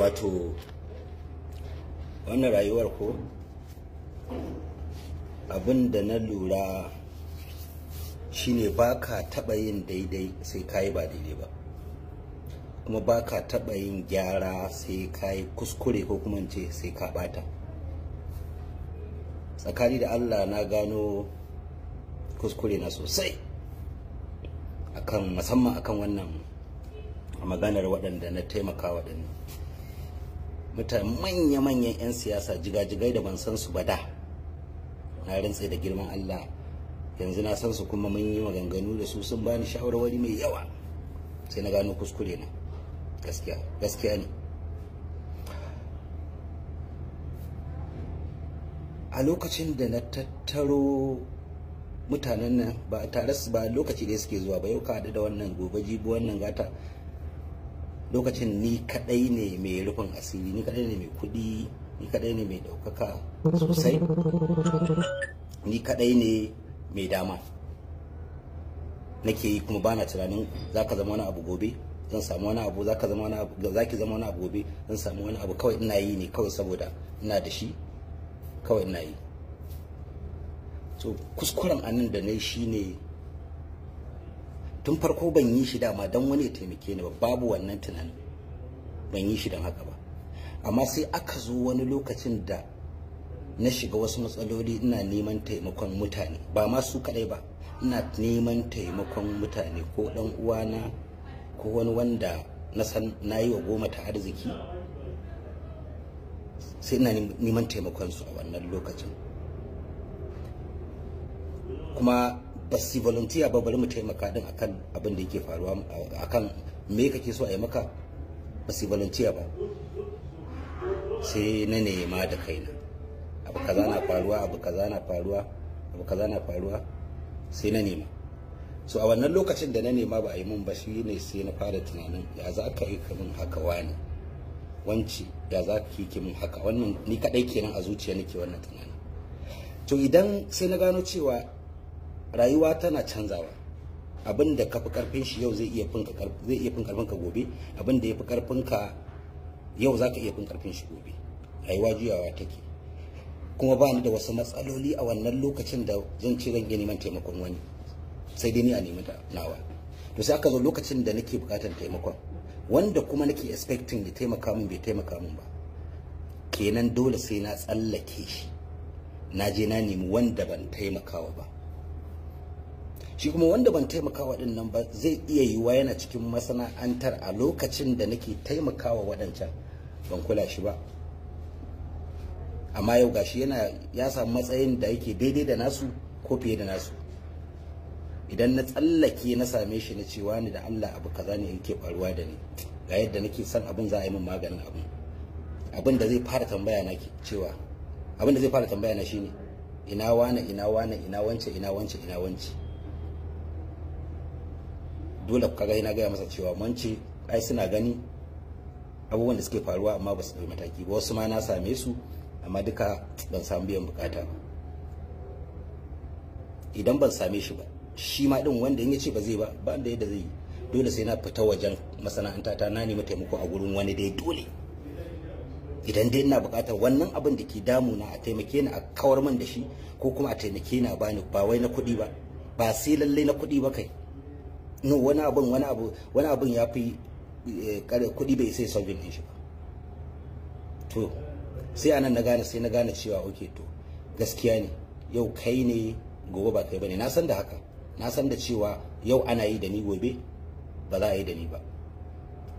wato wannan rayuwar ko abin da na lura shine ba ka taɓa yin daidai sai ka yi ba daidai ba kuma ba ka taɓa yin gyara sai ka yi kuskure ko kuma ce sai ka ɓata tsakani da allah na gano kuskure na sosai akan musamman akan wannan maganar waɗanda na taimaka waɗannan mutane manya-manyan 'yan siyasa jigajigai da ban san su ba da na rantse da girman Allah yanzu na san su kuma mun yi maganganu da su sun bani shawarwari mai yawa sai na gano kuskure na gaskiya gaskiya ne a lokacin da na tattaro mutanen nan ba tare su ba lokaci da suke zuwa ba yau ka da wannan gobe jibi wannan gata lokacin ni kadai ne mai rufin asiri ni kadai ne mai kudi ni kadai ne mai daukaka sosai ni kadai ne mai dama nake yi kuma bana tunanin za ka zama wani abu gobe zan samu wani abu za zama zama wani abu gobe zan samu wani abu kawai ina yi ne kawai saboda ina da shi kawai ina yi so kuskuren anan da na yi ne. tun farko ban yi shi dama don wani ya taimake ni ba babu wannan tunanin ban yi shi don haka ba amma sai aka zo wani lokacin da na shiga wasu matsaloli ina neman taimakon mutane ba ma su kadai ba ina neman taimakon mutane ko dan uwana ko wani wanda na san na yi wa goma ta arziki sai ina neman taimakon su a wannan lokacin kuma ba su volunteer ba bari mu taimaka din akan abin da yake faruwa akan me kake so a yi maka ba su volunteer ba sai na nema da kaina abu kaza na faruwa abu kaza na faruwa abu kaza na faruwa sai na nema so a wannan lokacin da na nema ba a yi mun ba shi ne sai na fara tunanin ya za ka yi kamin haka wani wanci ya za ka yi kamin haka wannan ni kadai kenan a zuciya nake wannan tunanin to idan sai na gano cewa rayuwa tana canzawa abin da ka fi karfin shi yau zai iya fin zai iya fin karfin ka gobe abin da ya fi karfin ka yau zaka iya fin karfin shi gobe rayuwa juyawa take kuma ba ni da wasu matsaloli a wannan lokacin da zan ci zan neman taimakon wani sai dai ni a nemi nawa to sai aka zo lokacin da nake bukatar taimakon wanda kuma nake expecting ya taimaka min bai taimaka min ba kenan dole sai na tsallake shi na je na nemi wanda ban taimakawa ba shi kuma wanda ban taimaka waɗannan ba zai iya yiwuwa yana cikin masana'antar a lokacin da nake taimakawa waɗancan ban kula shi ba amma yau gashi yana ya samu matsayin da yake daidai da nasu ko fiye da nasu idan na tsallake na same shi na cewa ni da Allah abu kaza ne yake faruwa da ni ga yadda nake son abin za a yi min maganin abin abin da zai fara tambaya na cewa abin da zai fara tambaya na shine ina wane ina wane ina wance ina wance ina wance dole kaga na gaya masa cewa ce ai suna gani abubuwan da suke faruwa amma ba su ɗauki mataki ba wasu ma na same su amma duka ban samu biyan bukata ba idan ban same shi ba shi ma din wanda in yace ce ba zai ba ba da yadda zai yi dole sai na fita wajen masana'anta ta na nemi taimako a gurin wani dai dole idan dai ina bukatar wannan abin da ke damu na a taimake ni a kawar man da shi ko kuma a taimake ni a bani ba wai na kuɗi ba ba sai lallai na kuɗi ba kai no wani abun wani abu wani ya fi eh, kare kuɗi bai sai solving din shi ba to sai anan na gane sai na gane cewa oke to gaskiya ne yau kai ne gobe ba kai bane na san da haka na san da cewa yau ana yi da ni gobe ba za a yi da ni ba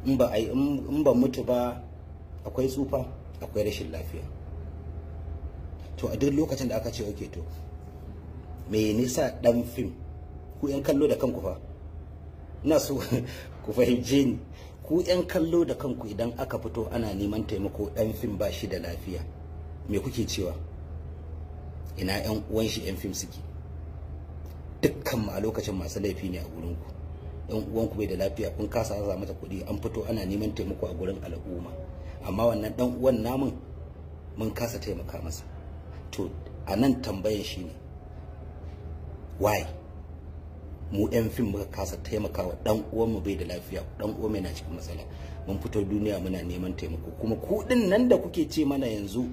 in ba in ba mutu ba akwai tsufa akwai rashin lafiya to a duk lokacin da aka ce oke to me nisa dan fim ku yan kallo da kanku fa ina so ku fahimce ni ku yan kallo da kanku idan aka fito ana neman taimako dan fim ba shi da lafiya me kuke cewa ina yan uwan shi yan fim suke dukkan mu a lokacin masu laifi ne a gurin ku yan uwan ku bai da lafiya kun kasa za mata kuɗi an fito ana neman taimako a gurin al'umma amma wannan dan uwan namun mun kasa taimaka masa to anan nan tambayan shi ne why mu yan fim muka kasa taimakawa ɗan uwan mu bai da lafiya dan uwan mai na cikin matsala mun fito duniya muna neman taimako kuma kuɗin nan da kuke ce mana yanzu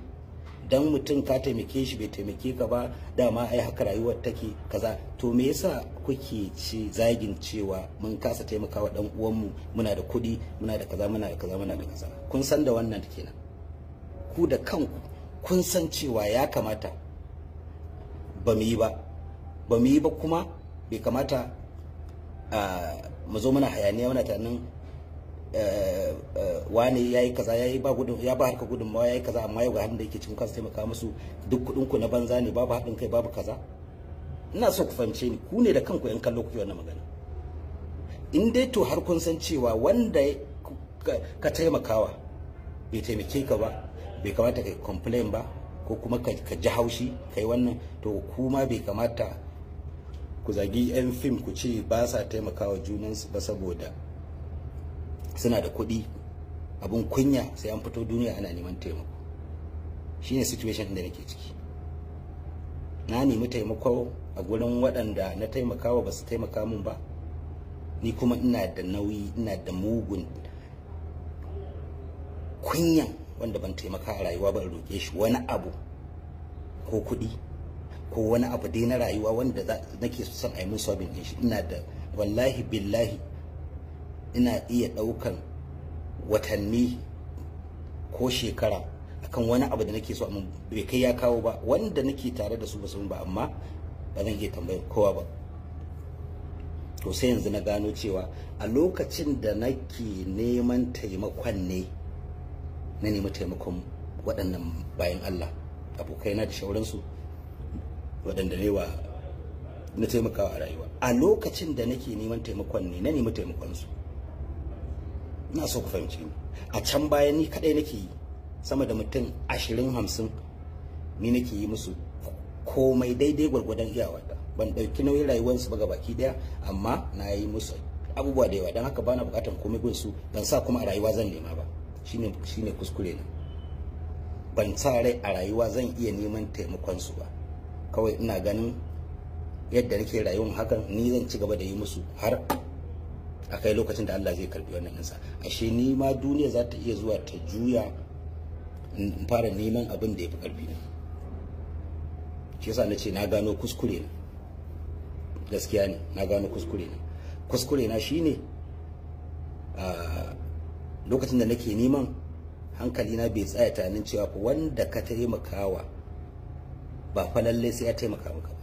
dan mutum ka taimake shi bai taimake ka ba dama ai haka rayuwar take kaza to me yasa kuke ci zagin cewa mun kasa taimakawa dan mu muna da kuɗi muna da kaza muna da kaza muna da kaza kun san da wannan kenan ku da kanku kun san cewa ya kamata ba mu yi ba ba mu yi ba kuma bai kamata mu zo mana hayaniya muna tunanin wane ya yi kaza ya yi ba gudun ya ba harka gudunmawa ya yi kaza amma yau ga hannun da yake cikin kansu taimaka musu duk kuɗin ku na banza ne babu haɗin kai babu kaza ina so ku fahimce ni ku ne da kanku yan kallo kuke wannan magana in dai to har kun san cewa wanda ka taimakawa bai taimake ka ba bai kamata ka complain ba ko kuma ka ji haushi kai wannan to kuma bai kamata ku zagi 'yan fim ku ce ba sa taimakawa junansu ba saboda suna da kuɗi abun kunya sai an fito duniya ana neman taimako shine situation da nake ciki na nemi taimako a gurin waɗanda na taimakawa ba su taimaka min ba ni kuma ina da nauyi ina da mugun kunyan wanda ban taimaka a rayuwa ba in roƙe shi wani abu ko kuɗi ko wani abu dai na rayuwa wanda nake son a yi musu abin din shi ina da wallahi billahi ina iya ɗaukan watanni ko shekara akan wani abu da nake so amma bai kai ya kawo ba wanda nake tare da su ba sun ba amma ba zan iya tambayar kowa ba to sai yanzu na gano cewa a lokacin da nake neman taimakon ne na nemi taimakon waɗannan bayan Allah Abokai na da shauransu waɗanda ne wa na taimakawa a rayuwa a lokacin da nake neman taimakon ne na nemi taimakon su ina so ku fahimci ni a can baya ni kadai nake yi sama da mutum ashirin hamsin ni nake yi musu komai daidai gwargwadon iyawata ban ɗauki nauyin rayuwarsu ba baki daya amma na yi musu abubuwa da yawa don haka bana bukatar komai gun su ban sa kuma a rayuwa zan nema ba shine shine kuskure na ban sa rai a rayuwa zan iya neman taimakon su ba kawai ina ganin yadda nake rayuwar hakan ni zan ci gaba da yi musu har a kai lokacin da Allah zai karbi wannan insa ashe ni ma duniya za ta iya zuwa ta juya in fara neman abin da ya fi karfi ne shi yasa na ce na gano kuskure na gaskiya ne na gano kuskure na kuskure na shine a lokacin da nake neman hankali na bai tsaya tunanin cewa wanda ka taimakawa ba fa lalle sai a taimaka maka ba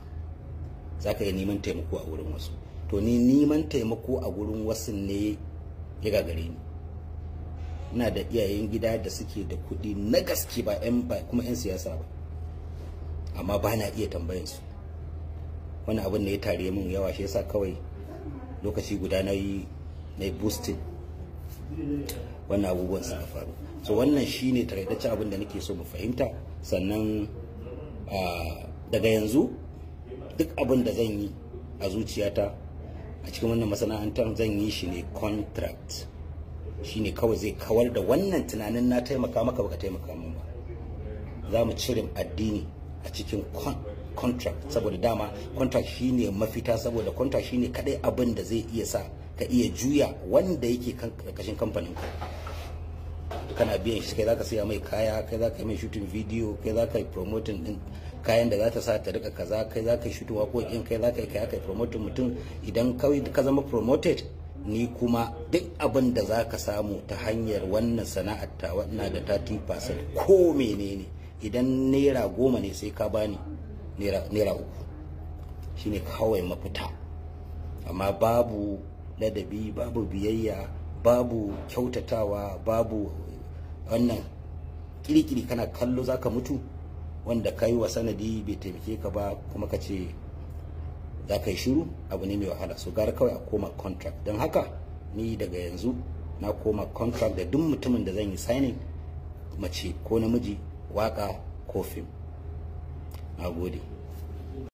za ka iya neman taimako a wurin wasu to ni neman taimako a wurin wasu ne ya gagare ni ina da iyayen gida da suke da kuɗi na gaske ba yan ba kuma yan siyasa ba amma ba na iya tambayan su wani abin da ya tare min yawa shi yasa kawai lokaci guda na yi na yi boosting wannan abubuwan suka faru so wannan shine taraitaccen abin da nake so mu fahimta sannan Ah, daga yanzu duk abin da zan yi a zuciyata a cikin wannan masana'antar zan yi shi ne contract shi ne kawai zai kawar da wannan tunanin na taimaka maka baka taimaka min ba za mu cire addini a cikin contract saboda dama contract shi ne mafita saboda contract shi ne kadai abin da zai iya sa ka iya juya wanda yake kan karkashin kamfanin ka kana biyan shi kai zaka siya mai kaya kai zaka yi mai shooting video kai zaka yi promoting din kayan da za ta sa ta rika kaza kai zaka yi shooting waƙoƙin kai zaka yi kaya kai promoting mutum idan kawai ka zama promoted ni kuma duk abin da za ka samu ta hanyar wannan sana'ar ta wannan da ta tifasa ko menene idan naira goma ne sai ka bani naira uku shine kawai mafita amma babu ladabi babu biyayya babu kyautatawa babu wannan kirikiri kana kallo zaka mutu wanda kai wa sanadi bai taimake ka ba kuma ka ce za ka yi shiru abu ne mai wahala so gara kawai a koma contract don haka ni daga yanzu na koma contract da duk mutumin da zan yi signing mace ko namiji waka ko fim na gode